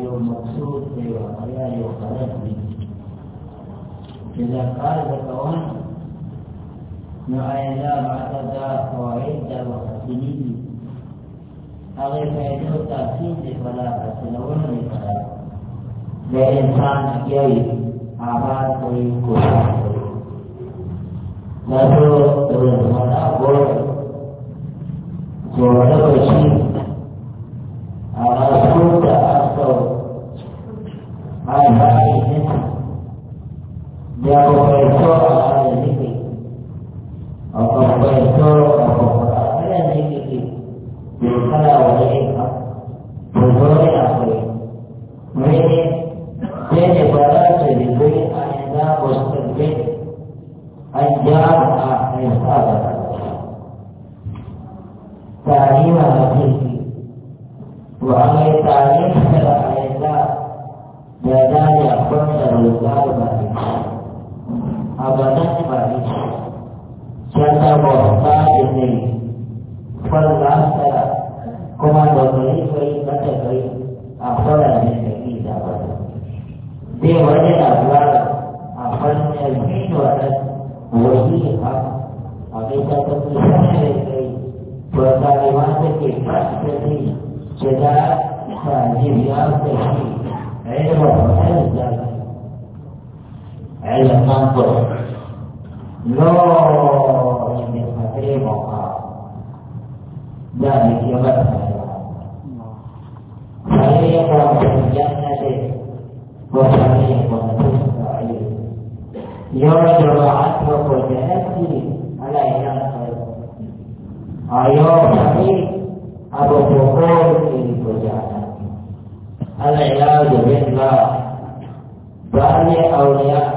یو مقصود دی او یا یو غرض دی چې دا کار وکوم نو آیا دا بعد دا فواید دا وحسینی دي هغې فایدو تاثیر دی فلا حاصلونه دی د انسان اړتیاوې آباد کوي کوشش کوي دا ټول ټولنه ګوره جوړه شي هغه څوک ဟုတ်ပါဘူး။ဒါက不要看我 ya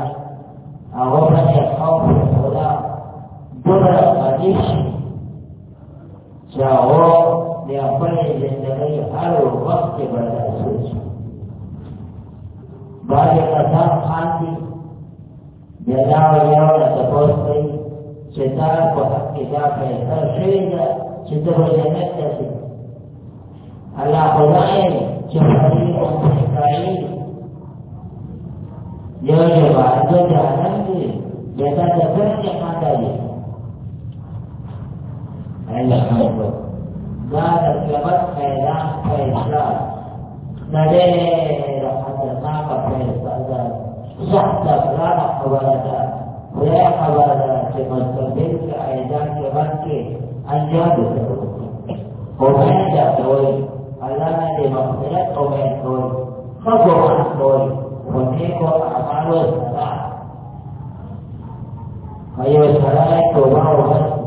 حتى فلان حوالدا ويا حوالدا كما استبدلت أيضاً كمانك أنجاب الزروب ومن يأتوي ألانا لمغفرة ومن يأتوي خبر أحتوي ونيك أعمال السماء فهي الشرائع وبعضها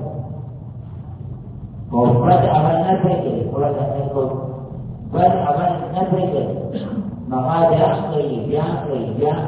وقد عملنا فكر ولم نكن بل عملنا فكر مقال بعقلي بعقلي بعقلي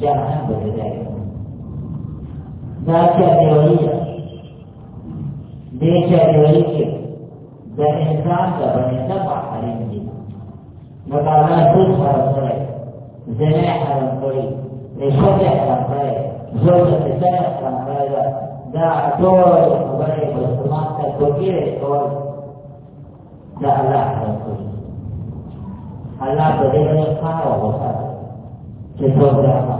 جرحا بذلك ذاك الولي ذاك الولي ذا إنسان بني سبع عليه وقال كل حرصي زنا حرصي لشبع حرصي زوجة سنة حرصي ذا طول حرصي والسماء تكوكير طول ذا الله حرصي الله بذلك قال وصل في صدره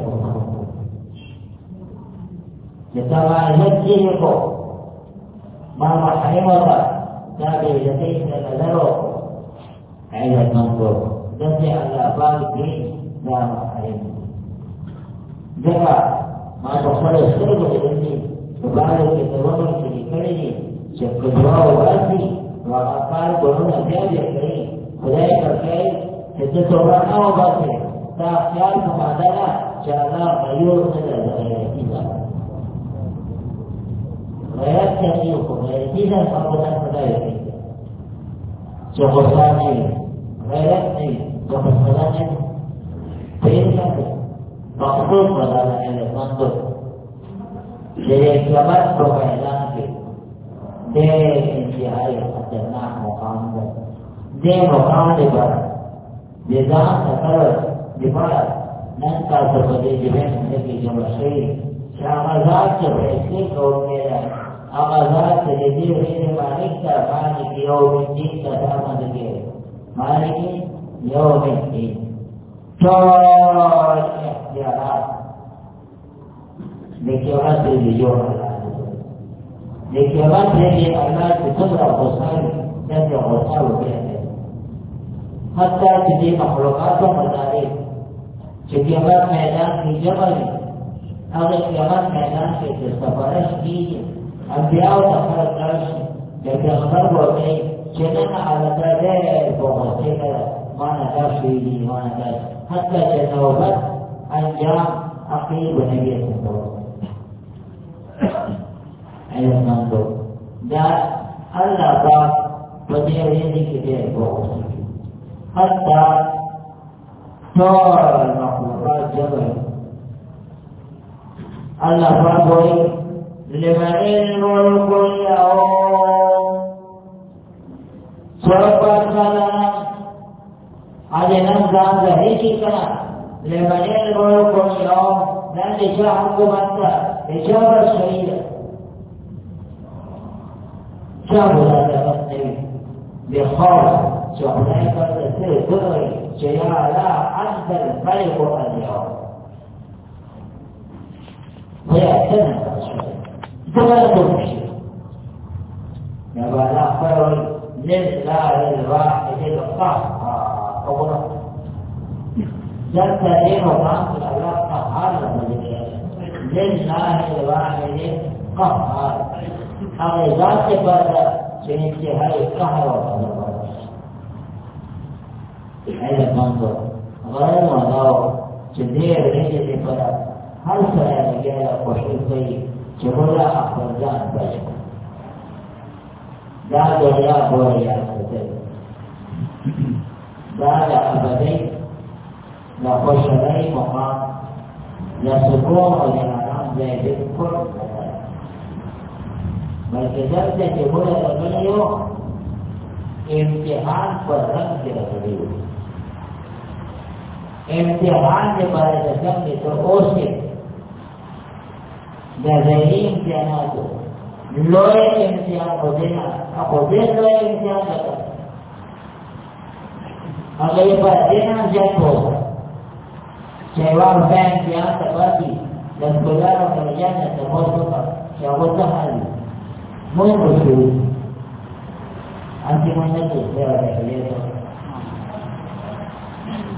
يتواجده ما محرمه تابع لديه نظره عند المنظور دفع الأبواب به لا محرمه دفع ما دخل السرب لديه وبعد التوضع في كريه شكله واسي وأقال قلنا جاب يكريه فذلك الخير حدثه ما أو باطل تأخيار فما دلا شاء الله غيور إلى غيره ويتقيكم ويأتينا فضلا فلا يأتيكم شغلاني ويأتي ومثلاني فإنك مقبول ولا علم منظور jadi kiamat bukan lagi. Dia intihai adalah Muhammad. Dia Muhammad barat. Dia jangan terus di barat. Nanti seperti jenis lagi jumlah syirik. Sama saja, istri kau merah. آغازات تجدیر غیر مالک تا مالک یوم الدین تا تامد گئے مالک یوم الدین چار احتیارات لیکن اصل جو لیکن بات ہے کہ اللہ کی قدرت حسین جب غصہ ہو گیا ہے حتیٰ کسی مخلوقات میدان کی جمع ہے قیامت میدان کے سفارش کی أنبياء تأخرت نفسي لكن أخبروا أني جناها على تابير وغسيلة ما نتاش في ما نتاش حتى تناوبت أنجام أخي ونبي الله أيها المنظور ده ألا بعد ودير يدي كتير وغسيلة حتى صار المخلوقات جبل الله فرضوا لمن الملك اليوم سوف خلنا عدنا زاد هيك لمن الملك اليوم لن تشاهدكم أنت إجابة سعيدة شافوا هذا النبي بخوف شافوا فتسير دغري يا لا أنت الملك اليوم ويعتنى ضلالة وتحشير يعني لا خير لله الواحد القهار قبره جبت ليه وقام الأولاد قهار لله الواحد القهار أما ذات بدأ بانتهاء القهر والقدر هذا المنظر غير ونور جميع الهجة قد هل سيرجع وحيطي چې ولا افرجان پي دا دنیا بوریا ستې دا د ابدي لا خوشنۍ مقام لا سکون او لا آرام ځای دې کور بلکې دلته چې موږ راغلي یو امتحان پر رنگ کې راغلي یو امتحان دې باندې څنګه ته اوسې Gazairi mtihanato lo yake mtihani akosema akosema yake mtihani angalipa tena jambo Cewar bank yang terbagi dan segala pekerjaan yang terkotak ya, yang kotak hal muncul anti mana tu saya ada lihat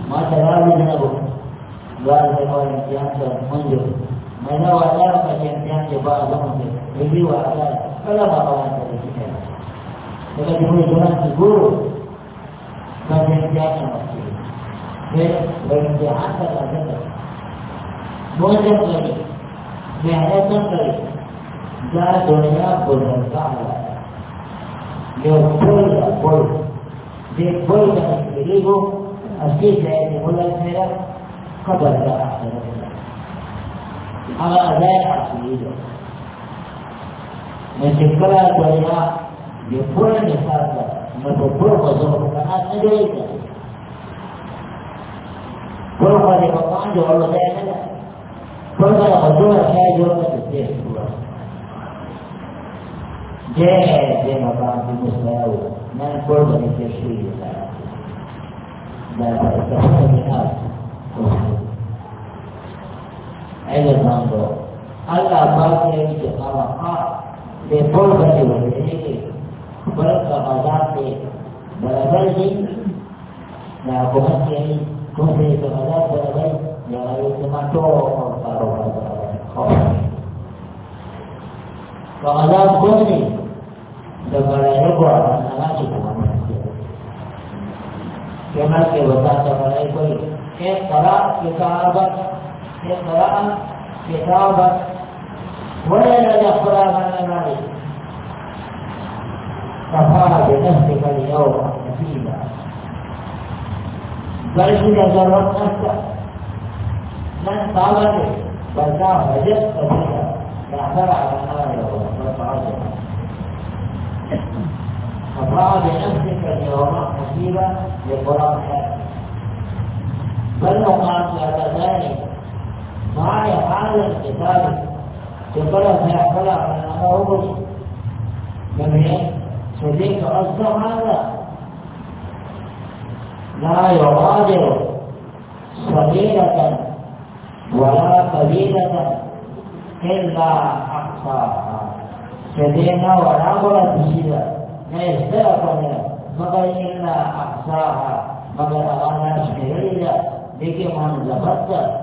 masa lalu dengan ada bukan yang muncul mana wala macam-macam coba Allah untuk Jadi wala Kalau bakalan dari kita Maka diberi jalan guru Macam-macam masih Dia berjahat pada kita Mujab lagi pun lagi Dan dunia berjahat يقول يقول يقول يقول أسيب لأن يقول لك قبل لا أحد هذا أداء عقلية من تكرار طريقة يكون يسافر مفكر وزور فأنا أدريك كل طريقة طعن جوال الله تعالى كل طريقة زور شاي جوال تسير جاء زي ما قام في مستوى من كل طريقة شيء لا لا تستخدم ایسے کام کرو اللہ بات ہے کہ ہم بے بول بنے ہوئے برف کا بازار سے برابر ہی نہ بہت سے ہی دوسرے کا بازار برابر یا ہمارے ٹماٹو اور کاروبار تو آزاد کون نہیں تو بڑا ہے وہ آزاد نہ کہنا کہ بتا تو بڑا کوئی ایک طرح کے کاروبار في القراءة كتابه ولا الذي أخبرها عن مالك كفى بنفسك اليوم نسيبا بل إذا جربت نفسك من طالبك بل كان وجدت بها تعترى على مالك وتعرف فقال بنفسك اليوم نسيبا لقرآن بل وقعت على ذلك معايا حالة قتالة يقرأ في أحفلة على أرابط جميع صديق أصدر هذا لا يغادر صغيرة ولا قبيلة إلا أحصاها كدينا ولا قرأ تشيدا ما يستيقظ مگر إلا أحصاها مگر أغانا شميرية بكم هم زفتت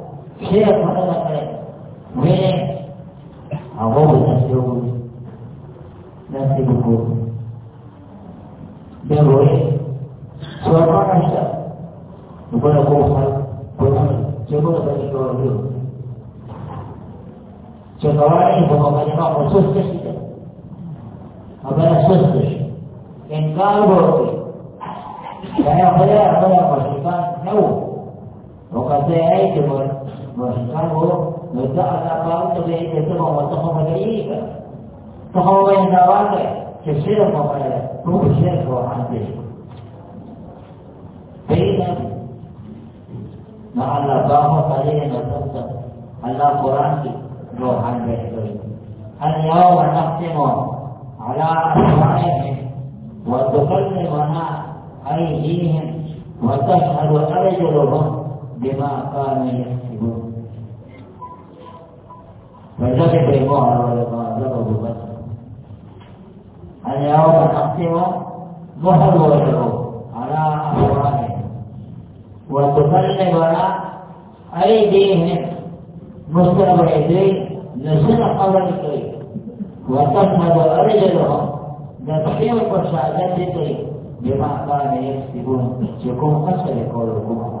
شيء هذا خير وين عقوبة نفسه نفسه بيقول ايه سؤال ما نشتغل يقول لك هو خير يقول لك اللي هو اليوم شكواني هو مجمع مصوص تشتغل أبدا صوص تشتغل إنكار بروتي فهي يعني خير خير مشركان نو وقد رأيت واشكره لو سأل أقارب بين يسمع وصفه بيئك فهو بين ذواك كشرك وغيره هو الشرك وعن ذلك فإذا مع الله باهو قليلا وتنصر الله قرآن روح عن ذلك اليوم نختم على أسماعهم وتكلمنا أيديهم وتشهد أرجلهم بما كانوا يكسبون mereka diterima oleh Allah Azza wa Hanya Allah berhati wa Mohon wa yaro Ala Al-Qurani Wa tukalli wala Aidihim Mustafa Idri Nasir Qawal Kri Wa tasmadu Arijaluhu Nasir Qawal Kri Bima Qawal Kri Cukup Masa Yaqawal Kumah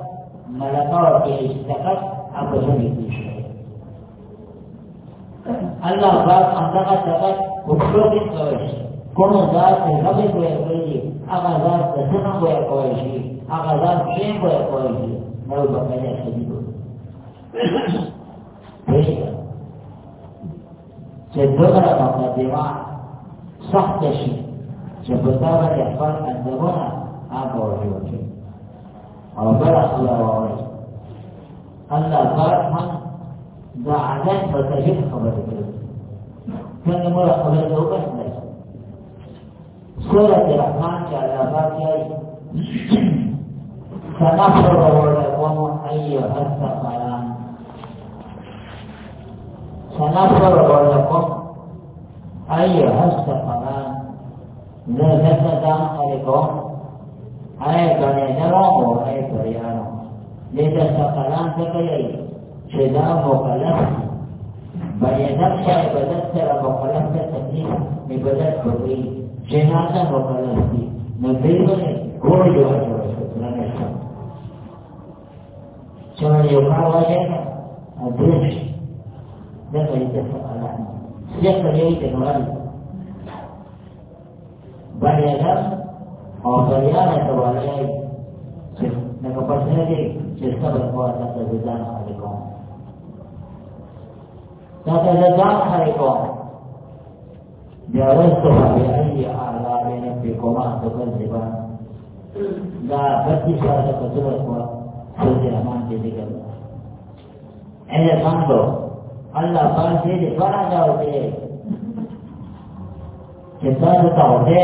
ملکات اشتقت اپسونی میشه الله باز همدغه طاقت وکړي کوي کوم ذات که رب کوي کوي هغه ذات ته څنګه کوي کوي شي هغه ذات شی کوي کوي شي نو په دې کې دی چې دغه دیوان سخت شید چه بطاور Allah Allah barham بعدك بتجيب خبر كده كان مرة خبر ده بس بس سورة الرحمن على باقي سنفرغ لكم أيها الثقلان سنفرغ لكم أيها الثقلان لا تتدعى لكم ہے کرے نرم ہو ہے کرے آرام لیکن سب کلام سے کرے چیزا ہو کلام بڑے نقش ہے بدت سے رب کلام سے تکلیف میں بدت ہو گئی جنازہ ہو کلام کی میں بالکل نہیں کوئی جو ہے جو ہے سر چون یو کھا ہو جائے نا دوش میں کہیں سے سب کلام سیاست یہی تنوال بڑے Maafkan ya, mereka percaya jika berbuat kata jadang hari kong. Kata jadang hari kong. Dia restu hari ini ini berkoma untuk kejiban. Dan berarti suara kejuruh jadi kembali. Ini Allah pasti di barang Kita tahu dia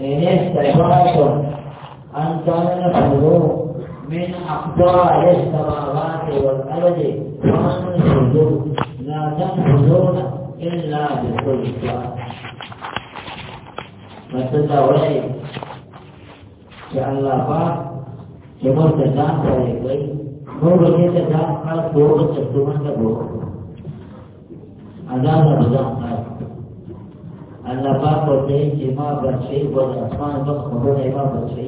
إن استطعتم أن تنفذوا من أقطار السماوات والأرض فانفذوا لا تنفذون إلا بسلطان Maksudnya wai Ke Allah Pak Cuma sedang saya wai Mungkin sedang Kalau buruk Cuma ada buruk Ada ada sedang annabawan ba da yake ma ba ce انس asman ba kuma ne ma ba ce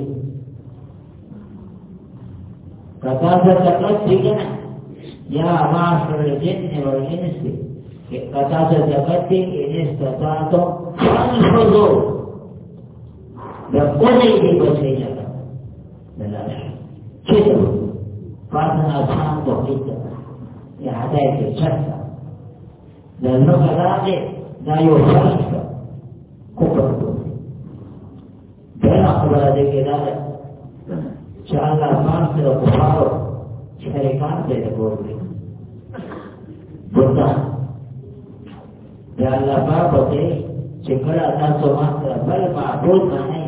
فقد تقدم يا معشر الجن والإنس فقد تقدم إن استطعتم فانفذوا بقضي بوسيلة بلاش كده فاتنا أصحاب بقيت يا عداية الشرطة لأنه لا لا يفرق کفر دا خبره دې کې ده چې الله ځان سره کوپارو شریکان دې کوي بوتا دا الله پاک دې چې کله تاسو ما سره بل معبود باندې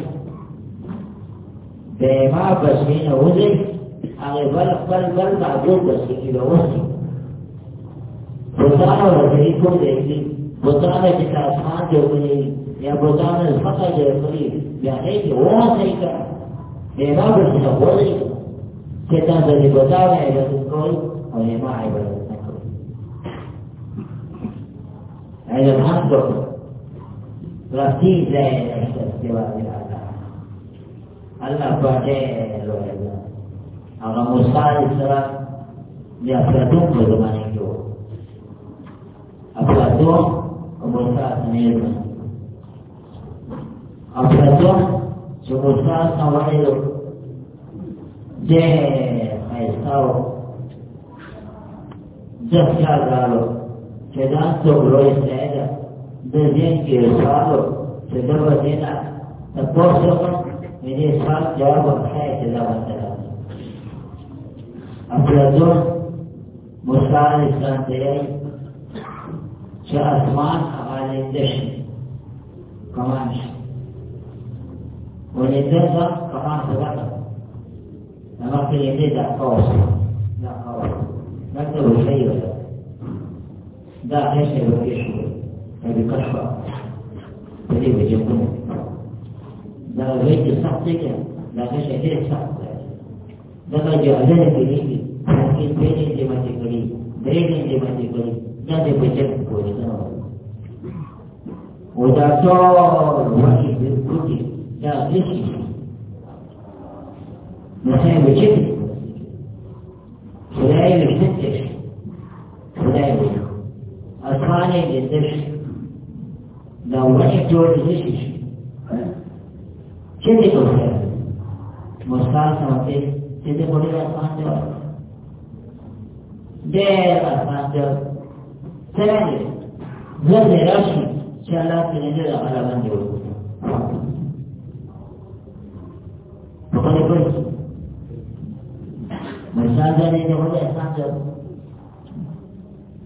به ما بسینه وځي هغه بل خپل بل معبود بسینه وځي بوتا ورته کوم دې بوتا دې چې آسمان دې وځي Yang pertama Maka dia beri Yang ini Orang mereka Memang bersama Bola itu Ketan dari Bersama Yang berada Kau Memang Yang berada Yang berada Berarti Saya Yang berada Allah Bagai Yang berada Allah Musa Dia Berada Berada Berada Berada Berada Berada Berada Berada او تاسو چې مستان نو وایو دې ایستاو ځکه راغلو چې دا څو لوی سره د دې کې راغلو چې دا ودینا تاسو مې دې سال جواب ورکړی چې دا وته اپلاتون مستان اسلام دیای چې اسمان هغه دې شي کمان شي ولذلك كمان سبقنا لما في يدي ذا قوس ذا قوس نكتب شيء ذا ليس يكشف هذه كشفة تريد يكون ذا غير صحتك لا غير غير صحتك ذا جعلنا بريدي لكن بين الجماعة بريدي بين الجماعة بريدي ذا بجد كويس وذا صار وحيد الكتب Ya hiç Masaya geçip Kuleye yüksektir. Kuleye yüksektir. Arkane indir. Davra çekiyoruz hiç hiç. Şimdi kuleye. Mustafa saati sizi buraya asmanca var. Değer asmanca. Sevendir. de, raşın. İnşallah sizinle de araban diyoruz. شہزادہ نہیں جو ہوگا احسان جو ہوگا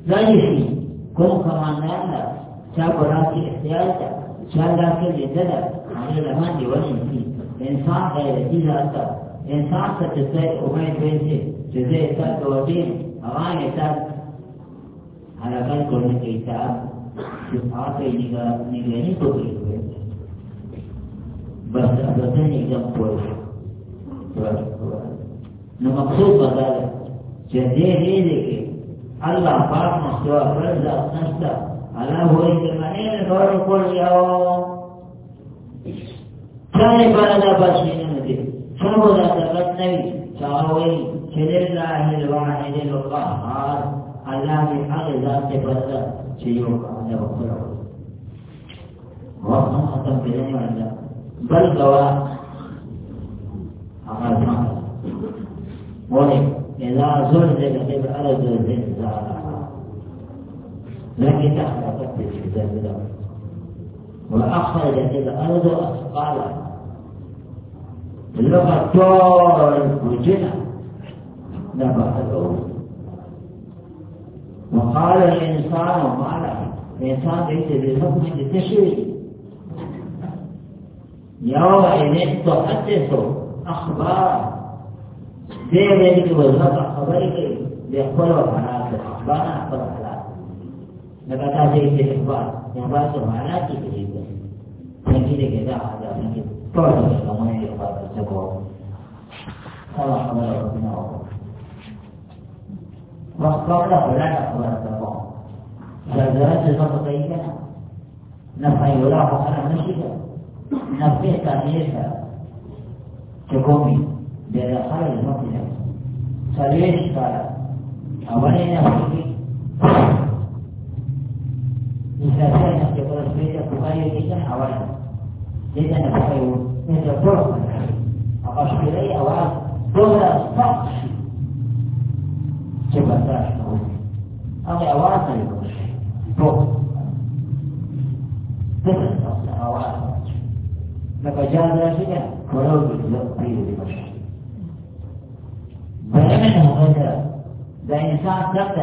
سی ہے چا بڑا کی اختیار تھا شہزاد کے لیے جگہ کھانے رہنا کی تھی انسان ہے رسید آتا انسان سے جسے امید بھی سے جسے ایسا تو ابھی ہمارے ساتھ حرکت کرنے کے حساب جو کے نگرانی کو بھی ہوئے بس اب نگم کو بس نو مقصود بدل چې دې دې کې الله پاک مستوا فرض نشتا الا هو الرحمن غور کول یو څنګه باندې بچی نه دي څنګه دا څنګه نه وي چاوي چې الله الواحد القهار الله دې هغه ذات ته بدل چې یو باندې وکړو وخت ختم کړی بل دوا هغه ولد إذا زلزل قبل أرض زلزالها لكن أخرجت الزلزال وأخرجت الأرض أثقالها اللغة طول وجنة نبع الأول وقال الإنسان ما له الإنسان ليس بحكم التشريع يومئذ تحدث أخبار dia yang yake bai zama a ke da ya mana mana ke da yake kan ki da ke da a da sun yi kawai da shi kamar yadda ba ta sako kawai kamar da kuma wa ba kawai da kula da kuma da sako gargaran da zama kai kana لأنه خرج الموت يعني. فليش قال أولين يعني أخذ إذا كان يقول بيت بخير جدا أولا جدا بخير مثل طرق أقاش إلي أولا دولة فقش جبا داش أو أولا تلقش طرق مثل أولا لقد جاء ذلك ولو بالذنب بمشي بدأ بإنسان کر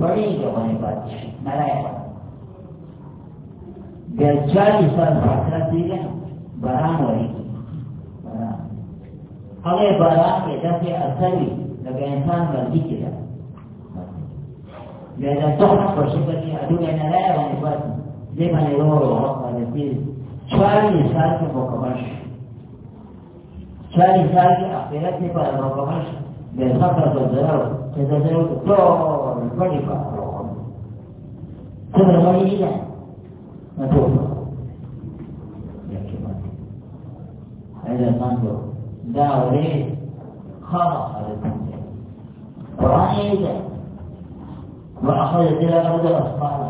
بڑی ہماری کے دس اثر بھی لگے انسان غلطی میں نے رو Cari sake baka shi. Cari sake a fiye ba da baka shi. Bai saka zanzarar ta zanzarar da kowar fari ba a roƙon. Kuma wani ila na tofa. Ya kima. Haidar Sando, da wuri خلص على التنزيل. وعيد وأخذ إلى أرض أصحابه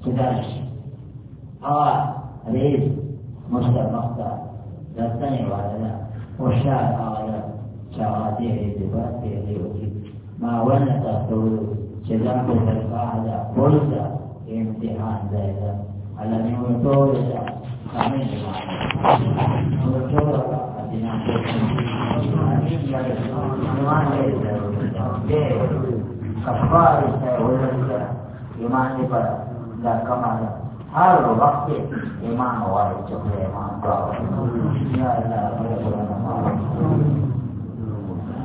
سفارش قال آه، العيد مصدر مصدر يصطنع ولا لا والشاعر قال شغاديع بفاتي وجد ما ونت الطول شذنب القاعدة قلت امتحان زيدا الذي من طول خميس كفار يقول لك يمان يبقى da kamala har wakti iman wa cukre iman kau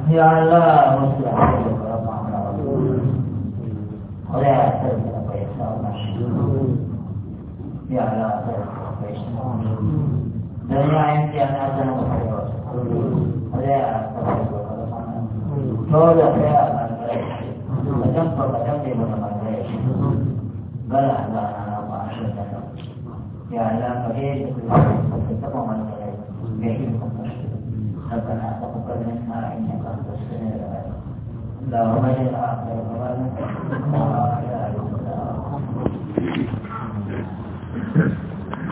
ya Allah ya Allah ya Allah oleh asal kita periksa ya Allah periksa dunia ini jangan ada musuh oleh asal kita periksa Todo sea, ¿verdad? Por la gente, por la balah barang apa yang datang. Ya, yang bagi kita mau mana lagi? Mungkin kita karena apa kepentingan mana ini yang kita sebenarnya? Dah banyak lah, dah banyak. Ah, ya.